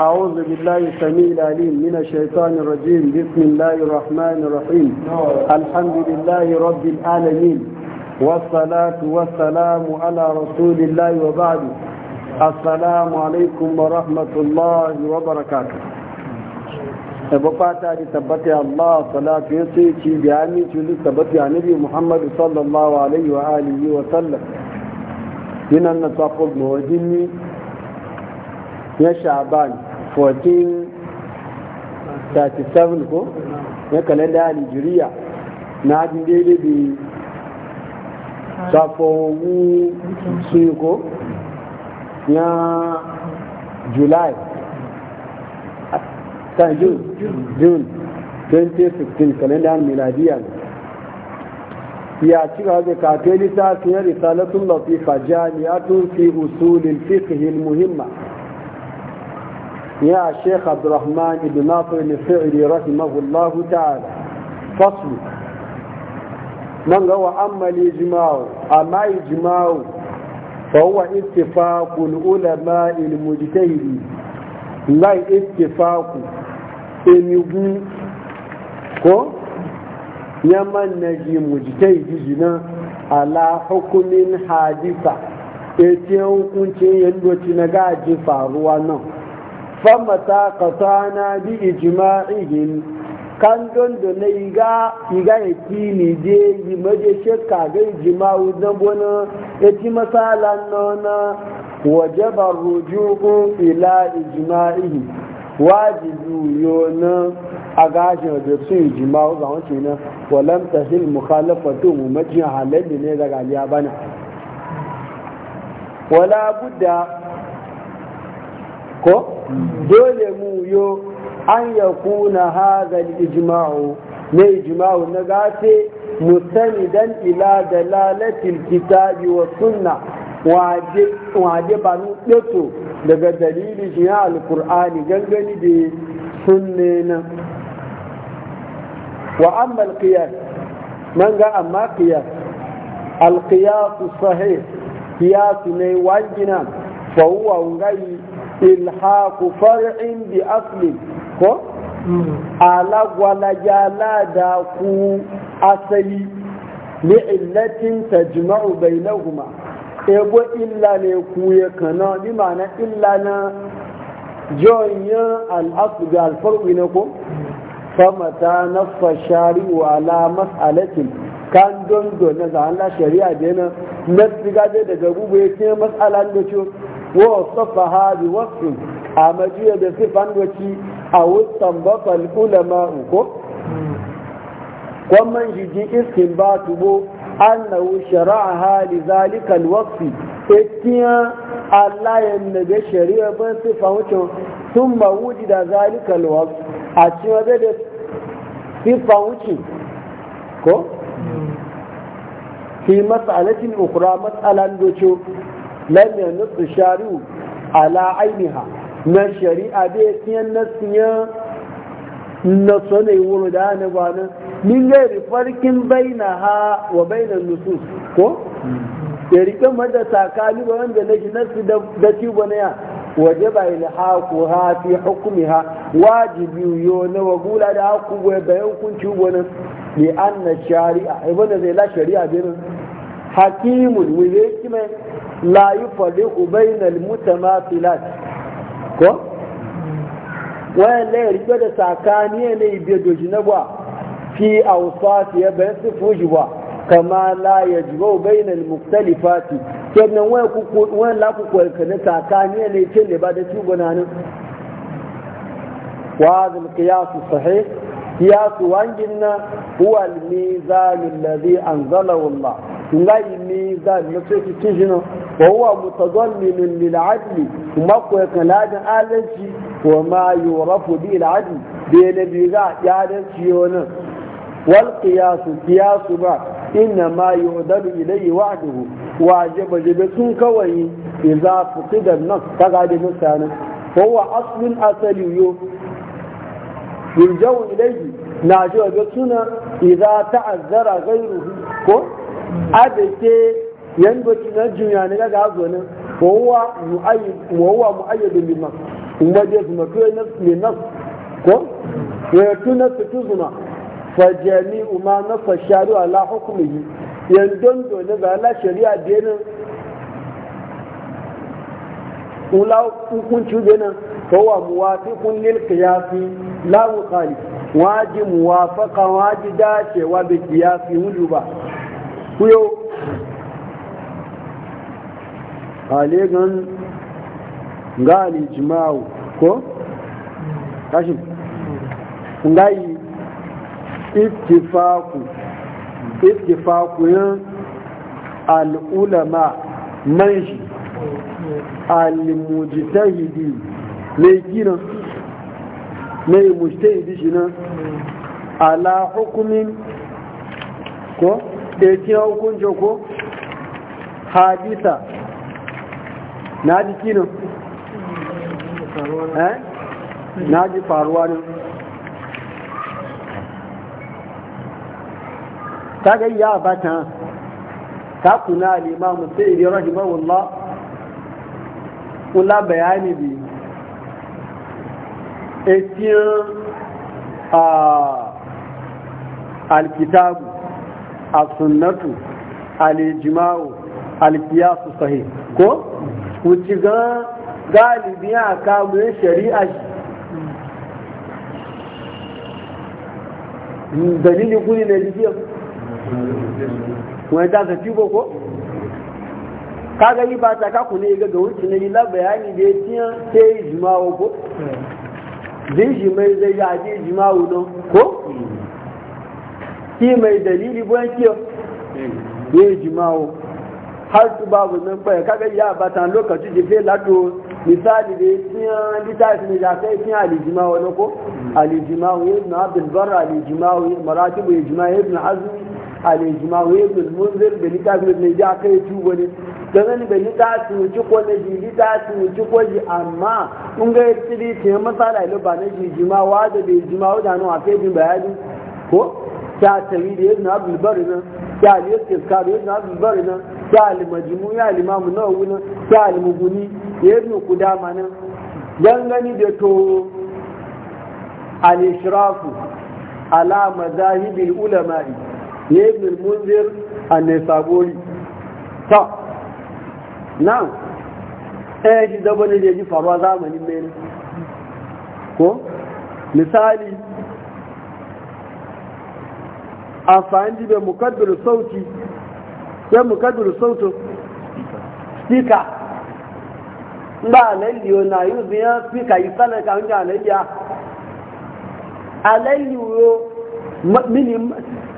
أعوذ بالله السميع العليم من الشيطان الرجيم بسم الله الرحمن الرحيم الحمد لله رب العالمين والصلاة والسلام على رسول الله وبعد السلام عليكم ورحمة الله وبركاته بفاتا لتبتع الله صلاة يسيكي بعامي لتبتع نبي محمد صلى الله عليه وآله وسلم من النصاق المهجمي ya shaban 1437 ko na kalenda nigeria na hajjin daidai da safowu su ko ya july ta june june 2016 kalenda miladiya ya ci gaba da kafin littafin risalatun latifa jami'atun fi usulin fiqh muhimma يا شيخ عبد الرحمن بن ناصر الفعلي رحمه الله تعالى فصل من هو أما الإجماع أما إجماع فهو اتفاق العلماء المجتهد لا اتفاق إن ko كو na ji مجتهد جنا على حكم حادثة ete hukunci yadda ci na gaji famata katana bi ijma'ihim kan don da na iga iga ya ni je yi maje shakka ga ijma'u na bona ya ci masalan nona wajabar rujuku ila ijma'ihi wajibu yona a gashin da su ijma'u ga wancan na walam tahil mukhalafatu mu majin halalli ne daga bana wala budda ko dole mu yo an ya kuna hazal ijma'u na ijma'u na gafe don ila da lalatin kitabi wa suna waje ba nu ɗoto daga dalilin shi ya alkur'ani gangani da sunne na wa amma alqiyas man ga amma su alqiyas sahih su ne wangina fa'uwa huwa ilhaku far'in bi aslin ko alagwalaja lada ku asali li illatin tajma'u bainahuma ego illa ne ku ya kana bi ma'ana illa na joyin al'asu da alfarwi na ko na nafa shari'u ala mas'alatin kan dondo na za'an shari'a da yana na daga bugu ya ke mas'alan da ciwo ووصفها بوصف أمجية بصفة وشي أو استنبط العلماء ومن جدي بو أنه شرعها لذلك الوصف اتيا الله ينبي شريع بصفة وكي ثم وجد ذلك الوصف أتيا بده صفة وشي كو في مسألة أخرى مسألة دوشو lam yanzu shari'u ala ainiha na shari'a bai tiyan na tiyan na sone wuru da ne ba nan min ga farkin baina ha wa baina nusus ko ya rike mada sakali ba wanda na shi na da ci bane ya waje ba ilhaku ha fi hukumi ha wajibi yo na wagula da haku bai bayan hukunci gwanin li an na shari'a ibn zai la shari'a nan. Hakimu mu ne kime la yufarriqu bainal mutamathilat ko wayan la rike da sakaniye ne ibe doji na ba fi awsati ya bayan sifuji ba kama la yajbu bainal mukhtalifati kenan wayan ku wayan la ku kwalkane sakaniye ne ce ne ba da tubunanin وهذا القياس الصحيح قياس وانجلنا هو الميزان الذي أنزله الله ngayi ni za ni so ki kijino wa huwa mutadammin lil adl kuma ko kan ladan adalci wa ma yurafu bil adl bi ne bi ga ya adalci wannan wal qiyas qiyas ba inna ma yu'dadu ilayhi wa'duhu wajaba jibe sun kawai idza fuqida an-nas kaga da mutane wa huwa aslun asaliyu yurjau ilayhi na jiwa ga suna idza ta'azzara ghayruhu ko adake yanda ki na juya ne ga azo ne wawa ayi wawa muayyid bil nas umma je zuma to na ne nas ko ya na su zuma fa jami'u ma fa sharu ala hukmihi yandan to ne ga ala shari'a denin kula hukunci benin fi muwafiqun lil qiyasi la waje waji muwafaqa waji ya bi qiyasi wujuba kuyo halegan ga alijima'u ko? kashin ngayi ittifaku ittifaku yin al'ulama manshi al-mujtahidi mai gina mai mujtahidi shi nan ala hukumin ko? da ce hukunci ko hadisa na ji kinin eh? na ji faruwa ne ta ga ya bata ta kuna limamu sai iri rahimahullah wula bayani bi etiyan a ah, alkitabu as-sunnatu al-ijma'u al-qiyas sahih ko wuci ga galibi a kawo shari'a dalili kuni na jikiya wani ta zafi ba ko yi ba ta kaku ne ga wuce na yi bayani da ya tiyan ta yi ko hmm. zai shi mai zai yi aje jimawa don ko shi mai dalili buwan kiyo bai jimawo har su babu nan kwaya kaga ya bata lokaci da fe lato misali da tiyan litafi ne da kai tiyan alijimawo na ko alijimawo ya ibn abdul barra alijimawo ya maratibu ya jima ya ibn azumi alijimawo ya ibn munzir da litafi ne da kai tubo ne ganin da litafi wuci ko na ji litafi wuci ko ji amma kun ga tiri tiyan masala ilo ba na ji jimawa da bai jimawo da nan a kai jin bayani ko ya tawi da ibn abdul bari nan ya al istizkar ibn abdul bari nan ya al majmu ya al imam nawawi nan ya al muguni ya ibn kudama nan dangane da to al ishrafu ala madahibil ulama'i ya ibn al munzir an sabori ta Nan eh shi da bane da ji faruwa zamanin ne ko misali amfani da mukaddiru sauti sai mukaddiru sautin spika ba yau na yi biya spika yi tsanar ka hanyar alayya yau mini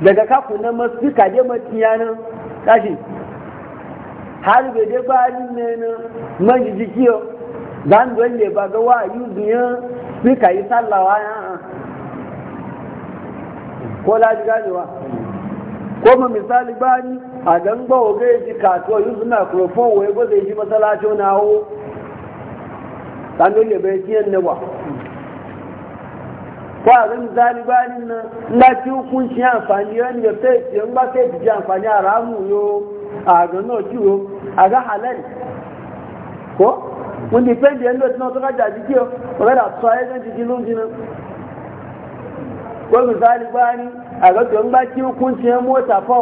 daga kafin na spika je matiya yanar kashi har bai dai ba ni ne na majiji kiyo zan dole ba ga wa yi biya spika yi sallawa ya ko laji ganewa misali bani a gangba wa ga yaji kasuwa yin su microphone wai ba zai ji masalacin na da bai a misali bani na lati hukunci amfani wani da sai tiyan ba sai fi amfani a ramu yo a ga no a ga halal ko ko misali bani a ga to ba ki hukunci ya mota fa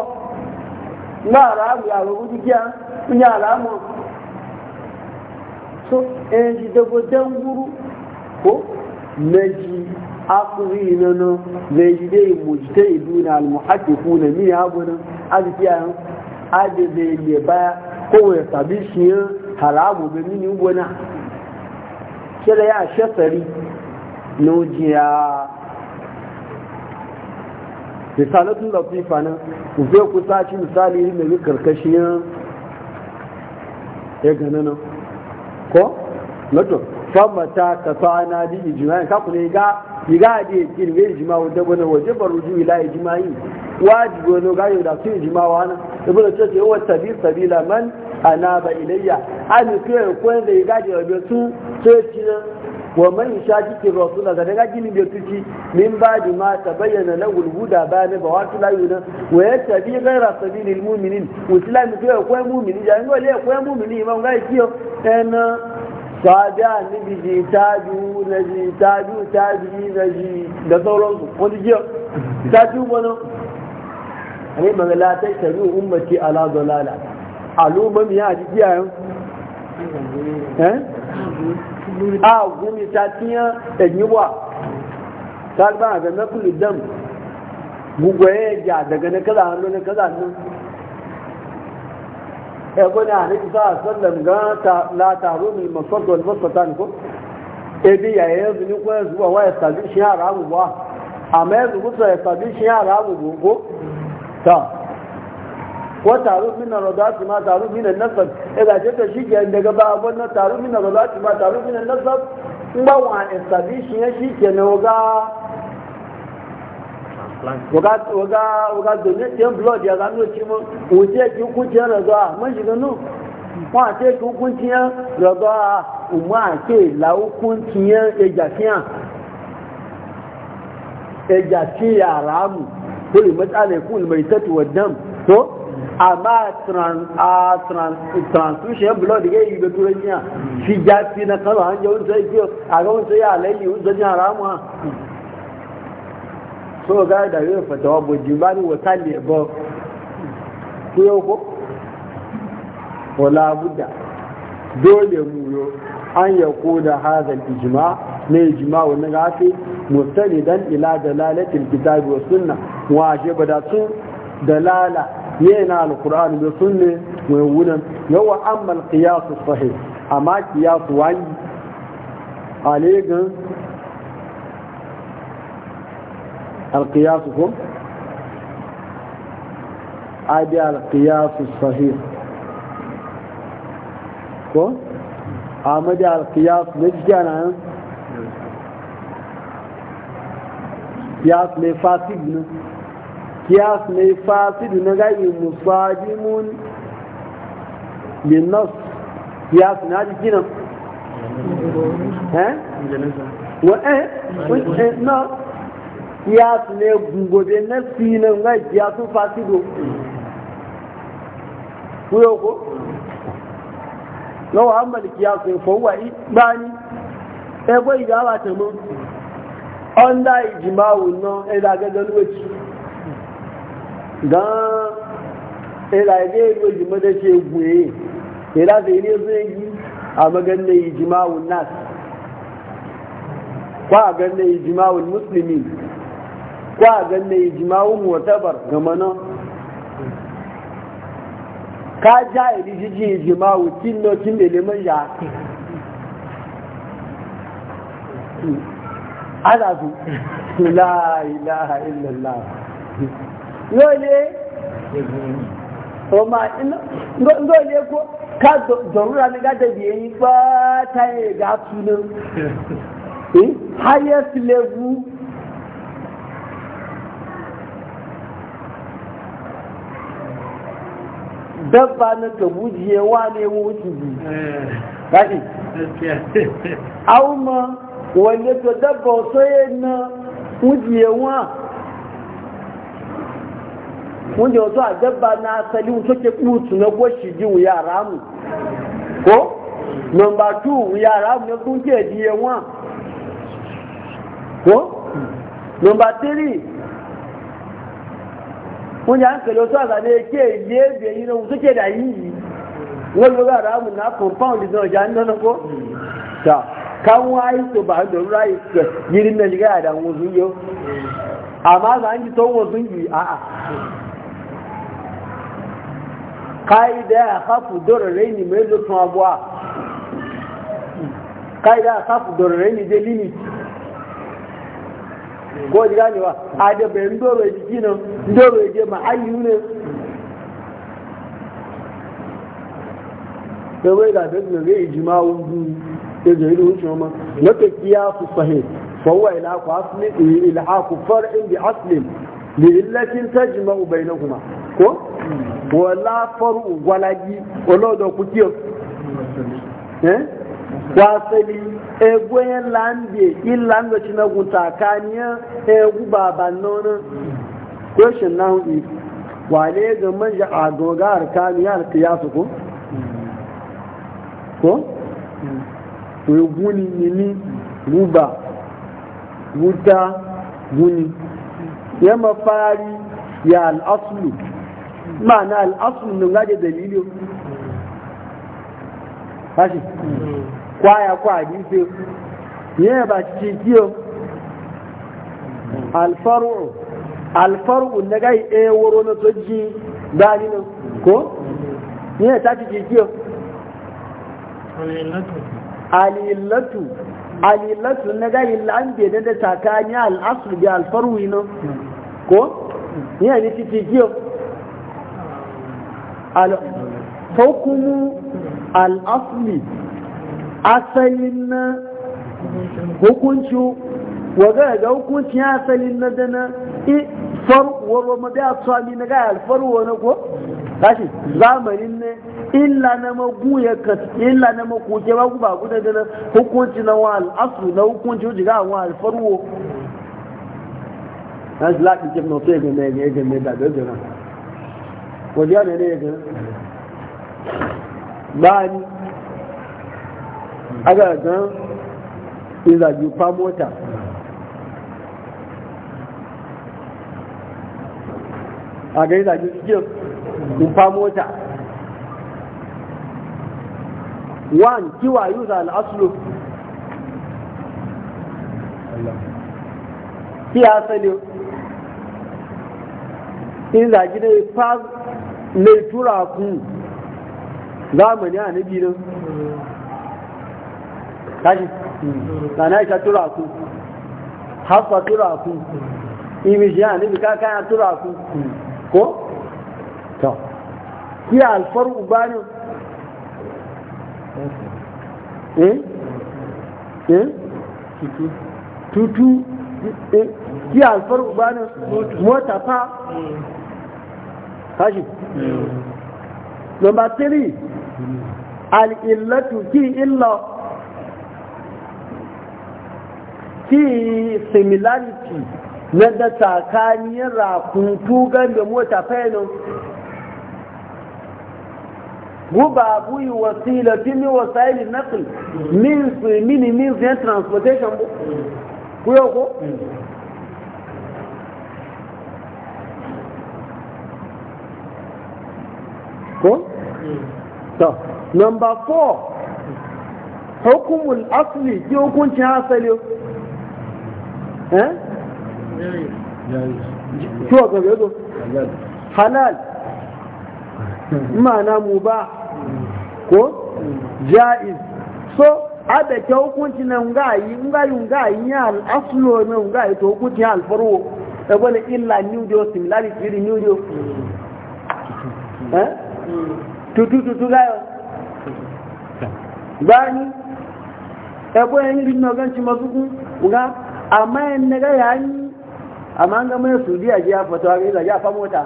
na ramu ya ga gudu kiya kun ya ramu so eh ji da godan guru ko naji akuri na no ne ji dai mujtahiduna almuhaddithuna ya habuna adiya adi zai le ba ko ya tabi shi haramu be mini ubona kira ya shasari nojiya misalatun latifa nan ku zai ku shi misali ne mai karkashin ya gane nan ko lato fama ta kasa na di ijimai ka ne ga iga da ya kiri mai ijima wadda bane waje baro ju ila ijimai wajibi wani ga yau da su ijima na? nan ibn ce yawa tabi sabila man ba ilayya an ko ko da iga da yabe su sai cinan wa man yushaqi rasula da daga gini da tuci min ba'di ma tabayyana lahu al-huda ba ne ba wato la yuna wa yattabi ghayra sabilil mu'minin muslim ko ko mu'mini ja ngo le ko mu'mini ma ngai kiyo en sada ni bi ji taju na ji taju taju na ji da sauran su ko ji taju ala eh? a gumi ta tiya da e yiwa ta ba ga na kulli dam gugwaye ya daga na kaza hannu na kaza nan ya e gwada na isa a sallam ga la taro mai masar da albasa ta ko ebi ya yi yanzu ni kuma zuwa wa ya sabi shi yara abubuwa amma yanzu musa ya sabi shi yara abubuwa ta ko taru mina rodati taru mina nasab ila ce ta shike daga ba abun taru mina rodati taru mina nasab in ba wa establish ya shike na waga waga waga waga wuce ki kuce raza mun shiga nu wa ce ki kunci ya raza umma ke la kunci ya ejafian ejafiya ramu to amma a transfusion blood ga yi da turanci a shi jafi na kano hanyar wani sai kiyo a ga wani sai ya laili wani sai ya ramu so ga da yi wa, bojin ba ni wata ne ba ku yau ko wala buda dole mu yo an ya koda hazal ijma na ijma wani gafi mustanidan ila dalalatil kitabi wa sunna wa ba da sun dalala yana alkur'ani da sunne mai wunan yawa ammal qiyasu sahih amma qiyasu wani ko abi ko amma da ne kiyas mai fasidu na ga'i musadimun linnas kiyas na jiki nan eh wa eh na kiyas ne gungobe na fi nan ga'i kiyasun fasidu kuyo ko lawa hammal kiyas ne fowwa ibani ebe idawa tamun ọ́nlá ìjìmáwò náà ẹ̀dà gẹ́gẹ́ lówẹ́tì gan ilaje ilo jima da ce guye ila da ne zai yi a yi ijima'un nas ko a ganin ijima'un musulmi ko a ganin ijima'un watabar gama nan ka ja ili jiji ijima'u kin no kin da liman ya ana su la ilaha illallah lóye ọmọ lóye kó ká dọ̀rúra ní gádẹ̀bì èyí pátá ẹ̀gá túnú highest level dabba na gabujiye wa ne wuce bi kaɗi auma wanda to dabba na wa wanda yanzu a dabba na asali wuce ke kutu na gwashi ji wuya ramu ko nomba tu wuya ramu na ke diye wa ko nomba tiri wanda an kalo to azane ke ile yi na wuce ke da yi wani wuya ramu na compound na ja nan ko ta kan wayi to ba da rai yirin da ga da amma za yi a'a قاعدة أخاف ضررين ما يزوتون أبوا قاعدة أخاف ضررين دي ليميت ko ji ganewa a da bayan doro jiki nan doro ya je mahalli ne da bai da duk ne ijima wudu ya zai da wuce ma na tafiya su sahih fa ila, ilaku asli ilaku far'in bi aslin li illatin tajma'u bainahuma ko wala faru gwalagi wala ọdọ kuki o eh? wasali egwe lande na guta kaniya egu baba nono na hudu wale ga manja a doga arkani ya alkiyasu ko ko eguni ma'ana al'asun nun gaje dalilu. hashi kwaya kwa hadisi yana ba ci kiyo alfaru alfaru na gai e woro na tojji dalilu ko yana ta ci kiyo alilatu alilatu na gai lambe na da takanya al'asun bi alfaru nan ko yana ni ci kiyo hukumu al'asli asalin na hukunci wa ga hukunci asalin na dana i farwaro ma da tsali na ga alfarwa na ko kashi zamanin ne illa na ya ka illa na makoke ba guba guda dana hukunci na wa al'asu na hukunci ga wa alfarwo na zlaki ke no sai ga ne ga ga da wajen yana ne ya ga bani a gan izabi fa mota a ga izabi cikin fa mota wan kiwa yuza al'aslu ki asali in zagi dai fa mai tura ku zamani a nabi nan kashi sana isha tura ku hafa tura ku shi a nabi kaka ya tura ku ko? to Ki alfar ubani eh? eh? tutu eh? kiya alfar ubani mota fa eh. kashi number three al'illatu ki illa ki similarity na da tsakanin rakuntu gan da mota fainin guba buyi wasila tini wasaili naql min min min transportation ku yau ko to number 4 hukumul asli ki hukuncin asali eh kiwa ga gado halal ma'ana mubah ko jaiz so ada ke hukunci na ngayi ngayi ngayi ya al-aslo na ngayi to hukuncin alfarwo faru da wani illa new deal similarity new york eh Tutu gayo bani ebo yin rinno ganci mazuku uga amma yin naga yayi amma an ga mai sudiya ji ya fito ga ya fa mota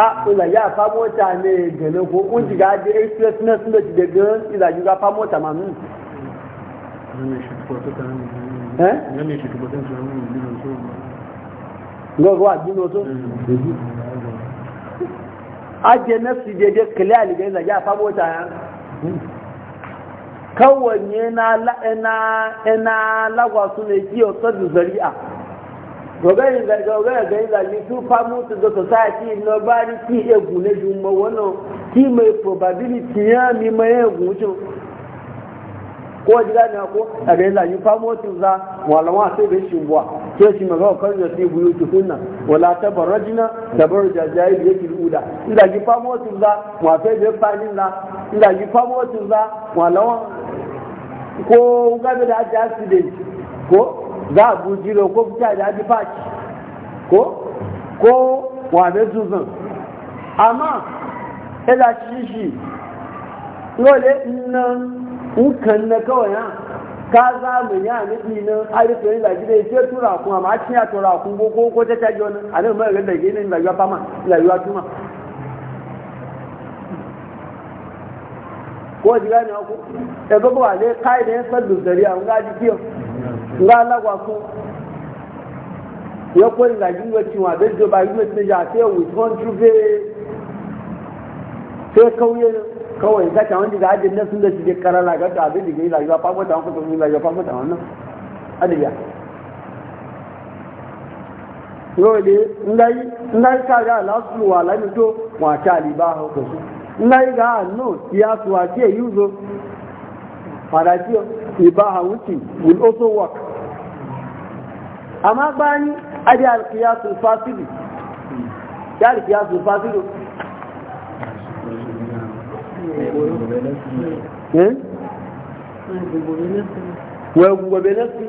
a ila ya mota ne gane ko un ji ga express na sun da daga ila ji ga mota ma mun eh shi so dino so ajiye nasu daidai kiliyali ga yanzu ya famo ta yan kawanye na lagwa su ne kiyo sadu zari'a gogari ga yanzu su famo su da society na bari ki egwu na juma wani ki mai probability ya mi mai egwu ko ji gane ko a ga yanzu famo su za walama sai bai shi buwa sai shi maga kan ya sai buyu ki sunna wala tabarrajna tabarruja jahil yake ula inda ki famo tun za wa sai da fadin na inda ki famo tun za wa lawan ko gabe da aji accident ko za a bujiro ko fita da aji faci ko ko wa da zuzun amma ila shi shi lole nan nkan na kawai ha ka zamani a nufi nan arifin lagi da ke tura kun ma cin ya tura kun ko ko ta caji wani a nan mai da ginin rayuwa fama rayuwa tuma ko ji gani ku e ga ba ne kai da san duzari a ga ji kiyo ga la ku ya ko lagi wa cin da ba yi mai ja sai with one true sai kauye ne kawai ga ta wanda ga ajin da shi je karala ga abin da ga rayuwa fa ko ta ko to rayuwa fa ta wannan adiya lasu wala to wa ta liba ho ga no ya su wa ke yuzo para ibaha wuti will also work amma bani ya gobe nasu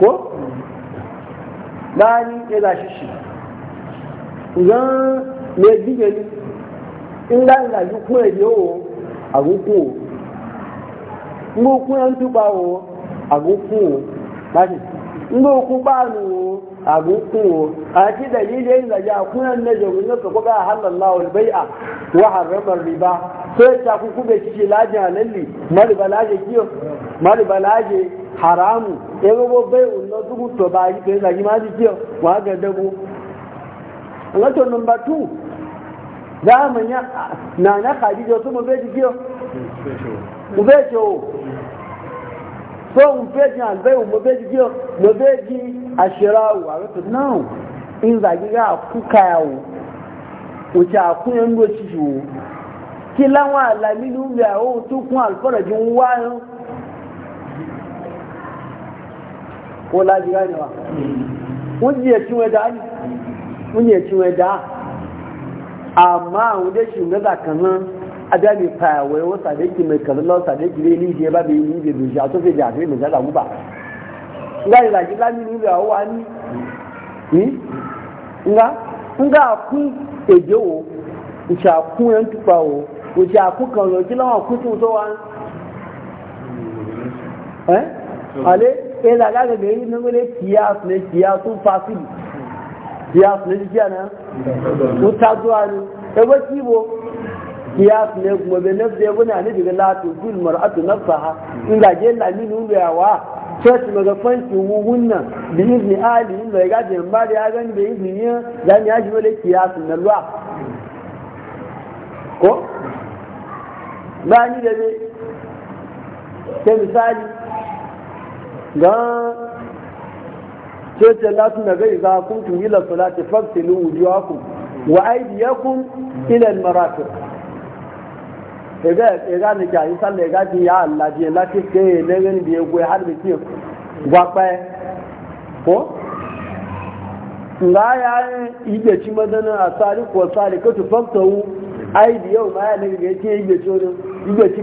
ko bani ya zashi shi zan mai ni. in da zashi kuma yawo a rukuwo ngo kuya ntuba wo agukuwo bani ngo kubanu wo agukuwo ati dalilin da ya kuya ne jogun ka ko ga halallahu albai'a wa harrama riba so ya ta kuku bai kike laje halalli mari balaje kiyo mari balaje haramu ya gogo bai unno dubu to ba yi kai zagi ma ji kiyo wa ga dabu ngato number 2 zamani na na khadija to mo bai kiyo mo bai kiyo so mo bai an bai mo bai kiyo mo bai ashirawu a wato now in zagiga ga kuka yawo wuce a kuyan doci kí láwọn àlàmì ló ń bẹ àwọn tó kún àlùfọ́rẹ̀ jù ń wá yán wọ́n lájú rá níwá wọ́n jí ẹ̀tí wọn dáa àwọn mẹ́ta kan náà adáni pa àwẹ̀ wọ́n sàdéjì mẹ́kànlá lọ sàdéjì lé ní ẹbá bí ní ìdí ìdòjì àtúnfèdè àti ìmọ̀já làmúbà ńgá ìlàjì lámì ní ìwà wà ní ńgá ńgá kún èdè wo ìṣàkún ẹ̀ ń túpa wo òjì àkúkàn lọ jí láwọn kú tó wá ẹ́ alẹ́ ẹ̀lẹ́ alágbègbè yìí mẹ́gbẹ́lẹ́ kìíyà fún kìíyà tún fásìlì kìíyà fún jíjí àná ó tájú àrí ẹgbẹ́ tí ìbò kìíyà fún ẹgbùn ọbẹ̀ ẹgbẹ́ náà ní ìdíkẹ́ láti ojú ìmọ̀ràn àti ha ní ìlú ẹ̀wà church daga fanki wuhunna da izini ali in bai gaji in ba da ya ya ko ni da ne ta misali ga cece latin da zai za kun tuni la salati fasilu ku. wa aydiyakum ila al-marafiq ega ega ne ga yi sallah ga ji ya Allah ji la ke ne ne bi ego har bi ti gwa pa ko nga ya ke ci madana asari ko sari ka tu faktawu ai yau ma yana ga yake yi gaci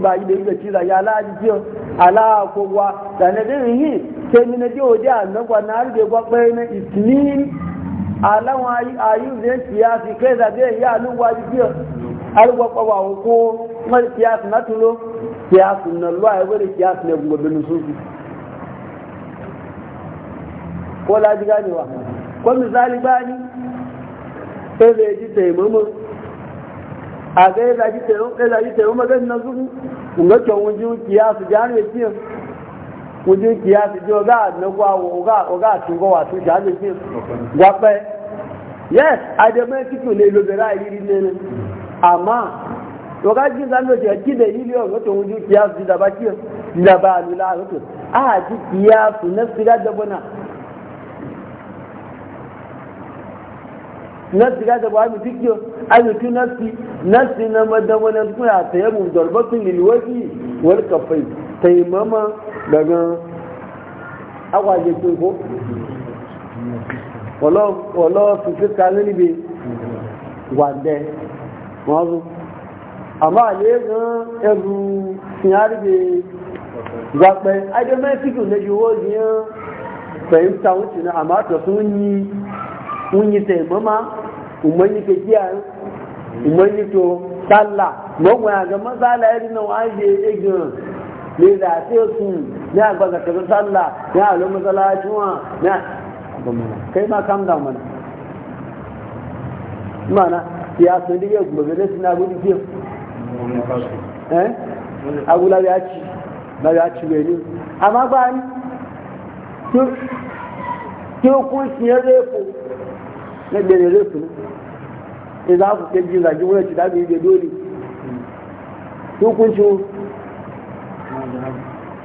wani ba yi da yi da ya ala da na din yi sai ni na je waje a na na rige gwa bai na e alawa yi ayu zai siyasi da zai yi ji siyasi na tulo siyasi na luwa ya wani siyasi na gobe nususu ko laji ganewa ko misali bani sai ji a ga ya zaji tayo ya zaji tayo magan na zuku kun ga kan wujin kiyasu jani ya kiyan wujin kiyasu jiwa ga na gwa oga oga tun ah, ga wato jani ya kiyan gwaɓe yes adamai cikin ne lobera a yiri ne ne amma oga jin zan lokaci a kida yili yau ga kan wujin kiyasu jida ba kiyan jida ba alula a ga a ji kiyasu na sira da bana nasi ga da ba mu tikiyo ayu tu nasi nasi na madama na kuma ta yamu darbatun lil waji wal kafai mama daga agwaje tun ko wala wala su fi kalani bi wande wazo amma ne ga ezu siyari bi zaɓe ajiyar mai fikin na jiwo biyan fahimta wuce na amma ta sun yi mun yi taimama umar yi tafiya umar yi to salla gbogbo ya ga matsala irin na waje ege ne da ce su ne a gbaza kaza salla ne a lomar salacin wa ne a kai ma kam da mana mana ya so da yau gobe da suna gudu ke eh agula ya ci ba ya ci ne amma ba ni ki kun shi ya zai na gbẹ̀rẹ̀ rẹ̀ fún ní za ku kẹ́ jin zagi wọ́n ti dábì ìgbẹ́ dóòlì tó kún ṣe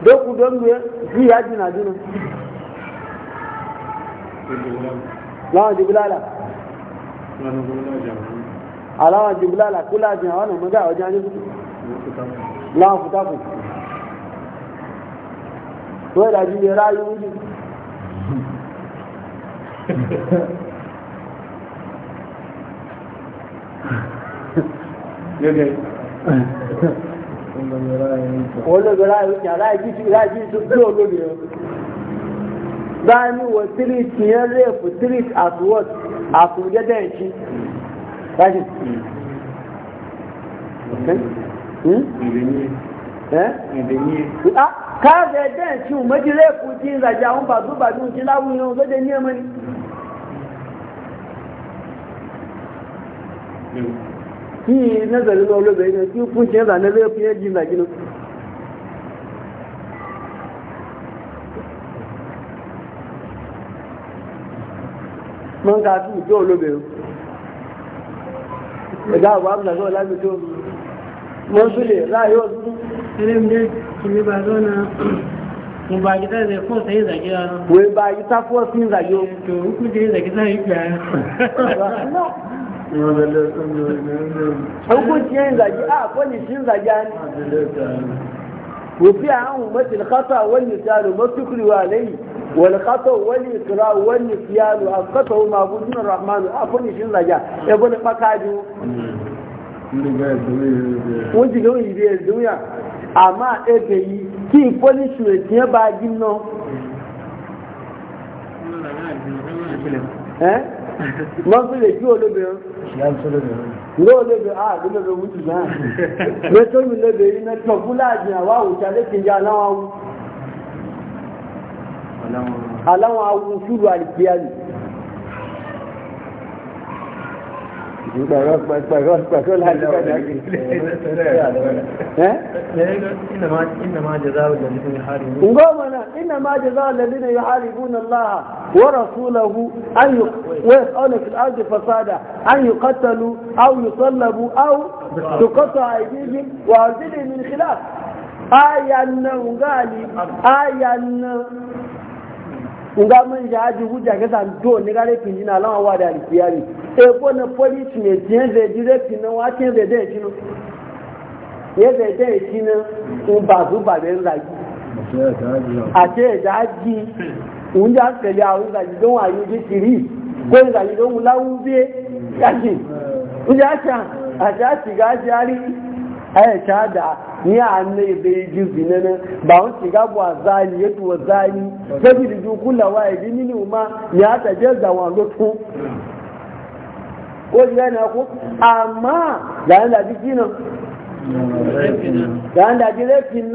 dókù dóòlù yẹ sí ìyá jìnà jìnà láwọn ti bulala aláwọn ti bulala kó láti àwọn ọmọ gá ọjà ní láwọn fútàfù wọ́n ìdájú yẹ ráyé wújú olóògbé láì wíkì aláìjí tí láìjí tó bí olóògbé o bá ní wọ tírí tìyẹn rèéfù tírí àtúwọ́t shi ìkí láìjí káàbẹ̀ ẹ̀dẹ́ ìkí ò méjì rèéfù tí ìrìnàjà ń bàdúbàdú ti láwùjọ kí nazarin náà olóbìnrin náà kí fún ṣe ń rà lẹ́lẹ́ fi ẹ́ jìnnà jìnnà ká tún ìjọ olóbìnrin ẹ̀dá àwọn àbùnàṣọ́ lágbèjọ́ mọ́ sílẹ̀ láàyè ọdún ẹlẹ́mìdé kìí mo ba gita da fo sai zage wai ba gita fo sai zage to hukunci yin zagi a kwanye shi zagi a ne wufiya an umarci na kasa wani tsaro masu kuri wa lai wani kasa wani tsara a kasa wani magudun a kwanye shi zagi a ebe na kakaju wọ́n ti gbọ́n ìdí ẹ̀dùn yà á máa ẹgbẹ̀ yìí tí ìpọ́líṣù rẹ̀ tiẹ́ bá gínà. wọ́n tún lè jí olóbìnrin ló olóbìnrin ah olóbìnrin wújú náà mẹ́tọ́ mi lóbìnrin mẹ́tọ́ fúláàjì àwọn àwùjá lékejì aláwọ̀ awú aláwọ̀ awú fúlù àlìkíyàlì ngọ́mọ̀ إنما جزاء الذين يحاربون الله ورسوله أن يقتلوا في الأرض فسادا أن يقتلوا أو يصلبوا أو تقطع أيديهم وأرجلهم من خلاف آية نغالي آية nga mun ja ji hujja ga san to ni gare pin jina lawa wa da kiyari e ko na police ne tin ze dire pin na wa tin ze de tin ye ze de tin un bazu ba be la àti ẹ̀dá jí òun já tẹ̀lé àwọn ìgbàjídọ́wọ̀ àyíké kiri kó ìgbàjídọ́wọ̀ láwúgbé yáṣì òun já ṣà àti àtìgá járí ẹ̀ẹ̀ṣà dà ní àánú ìbé ijú bìnánà bà ń ṣìgá bọ̀ àzáyí yẹ́tù ọ̀záyí tẹ́bí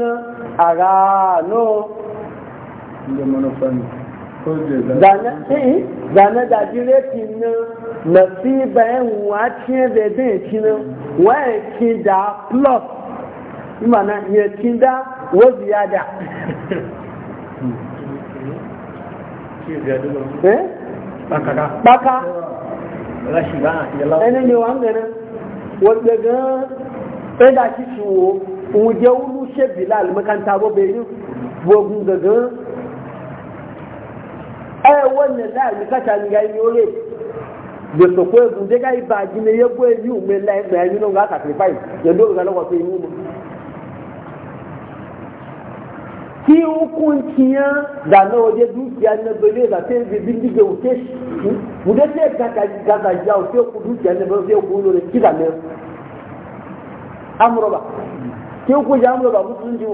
ma a rano zane da jireti na mafi bayan wacin zai kinan wayan kinda plus imana ya kinda wa ziyada baka ẹni ni gan, gẹ̀rẹ́ da shi ẹ̀dà wo. uje wulu she bilal makanta bo be ni wogun gaga eh wannan la ni kata ni ga ni ole de so ko egun de ga iba ji ne yebo eyi u me la e me ni no ga sacrifice ye do ga lo ko yi mu ki hukunciya da na waje dukiya na bele da ta yi bindi da wuce shi mu da ta gaza ja wuce ku dukiya na bele ku ne ki da ne amurba tí ó kú ìyá ń lọ bàbú tún jù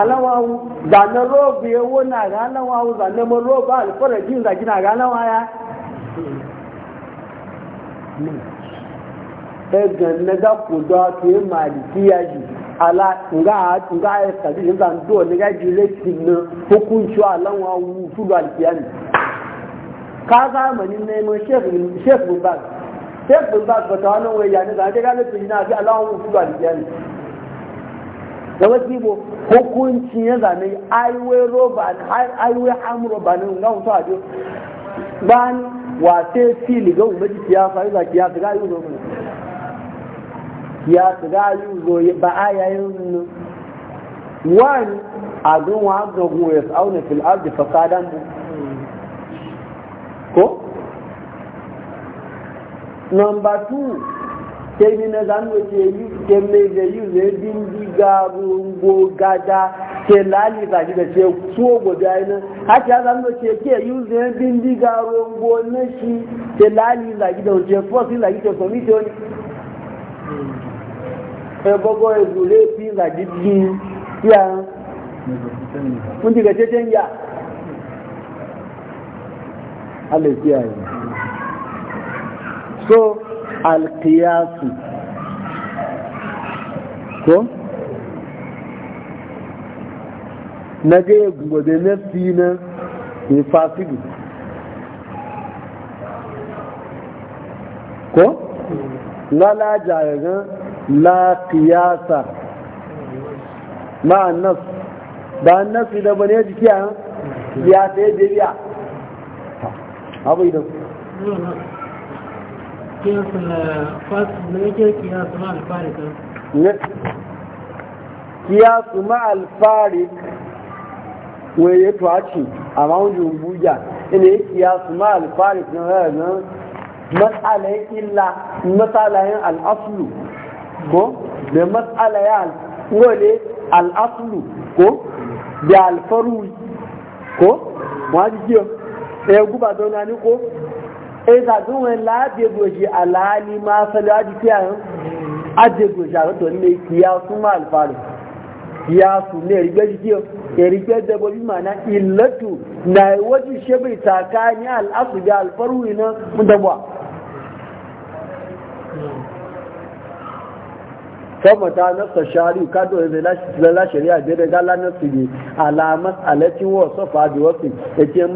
aláwáwú zànà róòbù ewó náà rà aláwáwú zànà mọ róòbù àlùfọ́rẹ̀ jí ń zàjí náà rà ẹgàn nẹgà kò dọ àti ala nga nga ayẹ tàbí nígbà ndó nẹgà jù létí nà kókó àlùfíà káàkà bá bá náà ẹ̀yà nígbà da wasu ibo hukunci ya zane aiwe roba aiwe ham roba ne ga mutu ajo ba ni wate fili ga umaji kiyasa yi za kiyasa ga yi zo mu kiyasa ga yi ba aya yi nu wani a wa ga go ya tsauna fil ardi fasadan mu ko number 2 kemi na zanu ke yi kemi da yi ne din diga gada ke lali ba da aina haka zanu ke ke yi ne din diga rungo na shi ke lali ba da ce fosi la ke commission e so alkiyasu ko na ga ya gobe na fi na infasidu ko lala jayagan la kiyasa ma'an nas ba nasu da bane jiki a ya sai biya abu idan kiyasu ma eh? alfarik wai ya tuwaci a mawujin buja ina yi kiyasu ma alfarik na eh, ranar eh, matsalayin illa matsalayin al'aslu ko da matsalayin wale al'aslu ko da alfaru ko ma ɗaya guba zaunani ko e za zun wani labe goji alali ma salo aji fiya yin aje goji a rato ne kiya su ma alfaru kiya su ne rigbe jikiyo ya rigbe dabobi mana illatu na yi e wajen shebe tsakani al'asu ga alfaru ne na dabuwa kama ta nasa shari'u kado zala shari'a bai da gala na su ne alamas alatin wa sofa wasu da ke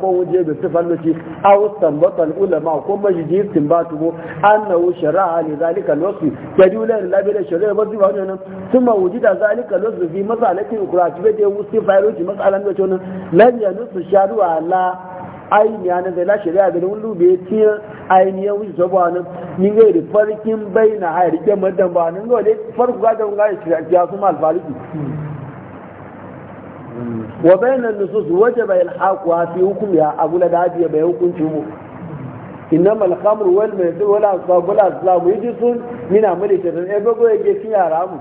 ko wuje da sifar da ulama ko majiji sun ba tubo an na wuce ra'a da zuwa wani sun ma da zalika losu fi matsalatin kuraci bai da wuce fa'iroci aini ya nan zai lashe da yadda wani lube ya tiya aini ya wuce sabo a nan yin gai da farkin bai na haya rike madan ba nan zai wale farko gada wani gaya ya fiya su malfariki wa bai nan nusu su waje bai alhaku a fi hukun ya abu da ajiye bai hukunci mu inna malhamur wani mai zai wala su abula su zamu yi jisun nina mulke sun ya gogo ya ke fi yara mu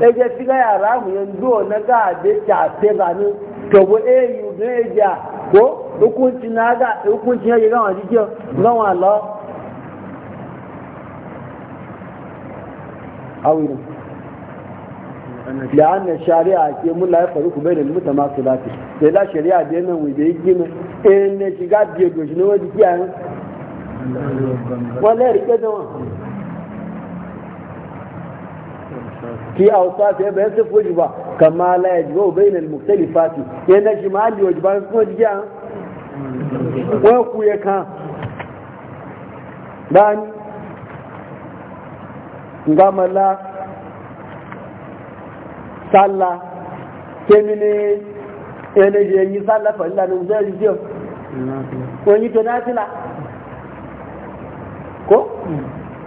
ya ke fi yara mu yanzu na ga a bai ta a fi zanen ka bu eyu na e ya ko hukunci na ga hukunci ya gama jikin gama Allah awirin da an shari'a ke mula ya faru kuma da mutu masu lafi da la shari'a da yanan wuje yi gina in eh, ne shiga biyu doshi na wajen kiyayen wani rike da wani Ki fi awsaf ya bayan sifu wajiba kama la yajibu bayna al-mukhtalifati yana jima'an wajiba ko jiya ko ku ya kan dan ngamala salla kemine ene je yi salla fa illa no zai jiyo ko yi to nafila ko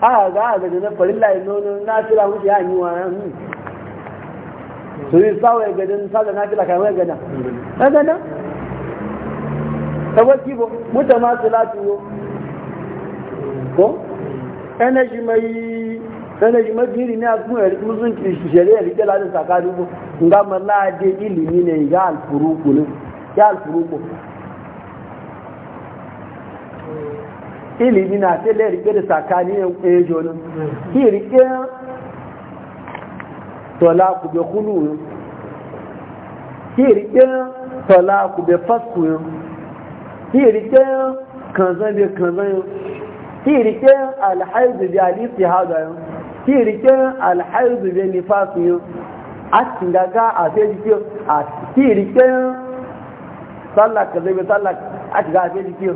aka ga a gada na farilla yi nono na fila wuce ya yi wa yan su yi sawa ya gadin sada na fila kamar gada na gada ta wasu kibo mutu ma su lati yo ko energy mai energy mai jiri ne a kuma ya rikin musun shari'a rikin ladin sakari ko nga mala de ilimi ne ya alfuruku ne ya alfuruku ilimi na tele rike da sakani ya kwaye jonin ki rike talaku be kulu ki rike talaku be fasu ki rike kanzan be kanzan ki rike alhaidu bi alistihada ki rike alhaidu be nifasu a cikin gaga a sai jike a ki rike sallah kaza be sallah a cikin gaga a sai jike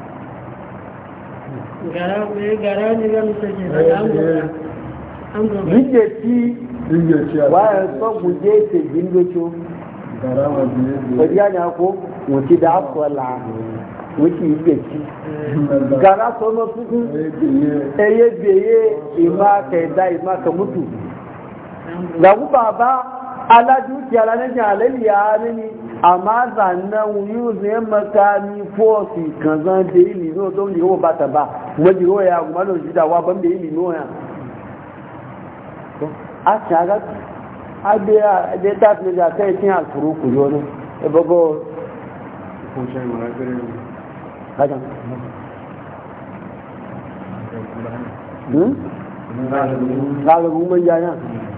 Rijeci bayan son guje ce gindocin wajiya ne ko wuce da eh. akwala wuce rijeci. Eh. Gara sono suku eh, eye beye ima ka da ima ka mutu. Ga ku baba ala dukiya ranar jalali ya nini amma zannan wuyu zai makami fosi kan zan da yi lino don ba ta ba kuma jiro ya kuma don shi dawa ban da yi ya a shaga ta fi da kai alfuru ku ne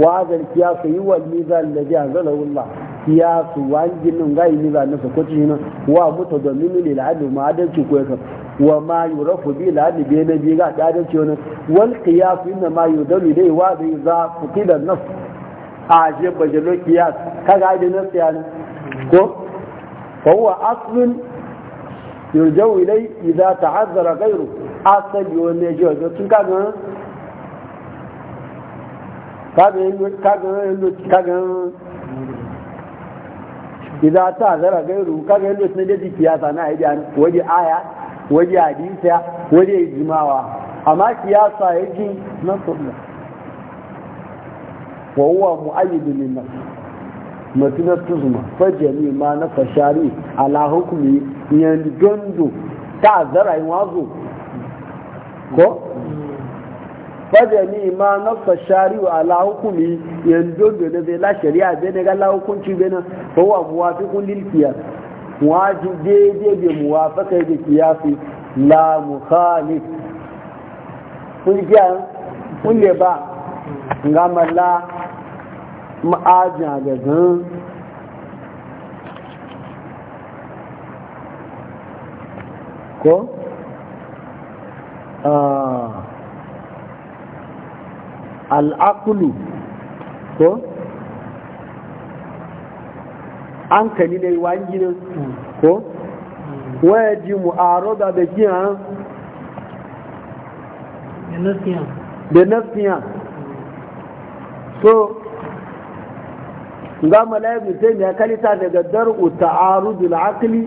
wazar kiya su yi wa liza da jiya zala wula kiya su wani ginin gayi liza na sakwaci shi wa mutu domin ne la'adu ma adalci ko yasa wa ma yura ku bi la'adu biye na biye ga ta adalci wani wal kiya su yi na ma yu dalu dai wa zai za ku kila na su a je bajalo kiya su ka ga na siya ne ko fa wa asulun yurjau ilai idan ta'azzara gairu asali wani ya ji wa zai tun kaga kagan idan ta zara gairu kagan yadda suna daji kiyasa na aida waje aya waje hadisa waje jimawa amma kiyasa ya ji na problem wa huwa mu'ayyidu min nafsi na tuzuma ne ma na fashari ala hukumi yan dondo ta zara yi wazo ko Fajani ma na fashari shari'u ala hukumi yanzu dole zai la shari'a bai ne ga la hukunci bai nan fa wa muwafiqun lil qiyas wajib daidai bai muwafaqa da qiyasi la mukhalif kun ga kun le ba ngama la ma'ajin ga zan, ko ah al’akulu ko an kani ne gina su ko waya ji mu'aroda da kiyan da nasiya so ga malayi mutum mai kalita daga dar'u ta'arudul aqli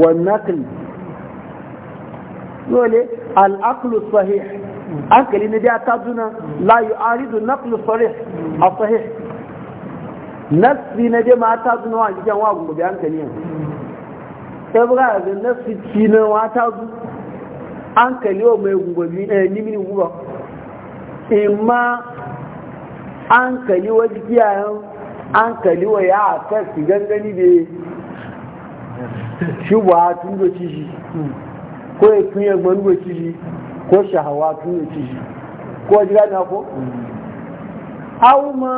wa naqli dole al'akulu sahih hankali na biya ta zuna la yi aridu naqlu sarih a sahih nasi na je ma ta zuna wa jikin wa gungu bi hankali yin sai buga da nasi ci na wa ta zu hankali wa mai gungu bi eh ni mini gungu imma hankali wa jikiyayen hankali wa ya afekti gangani da shi ba tun da ci ko ya tun ya gbanu da ci ko shahawatu ya ci ko ji gani ko au ma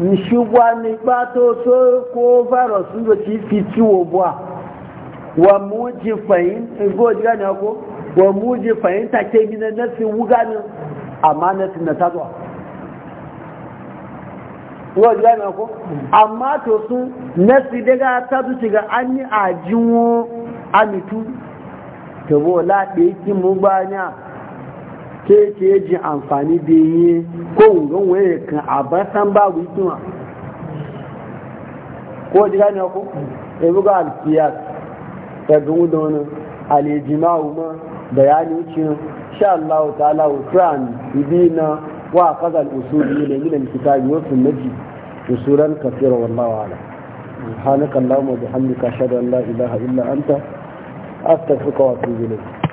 nshugwa ni bato to ko virus ndo ci fi ci wo bwa wa muji fain ko ji gani ko wa muji fain ta ke bi na nasi wugani amma nasi na tazwa ko ji gani ko amma to sun nasi daga tazu shiga an yi ajiwo amitu tabo laɗe yake mu banya ke ke ji amfani da yi ko ngon waye kan ba babu hikima ko ji gane ko e buga alfiyar ta gumu da wani alijima'u ma bayani wuce sha Allah ta'ala Qur'an ibina wa kaza al-usuli ne min al-kitabi wa sunnati usulan kathira wallahu a'lam subhanaka allahumma wa bihamdika ashhadu an la ilaha illa anta أستغفرك وأتوب إليك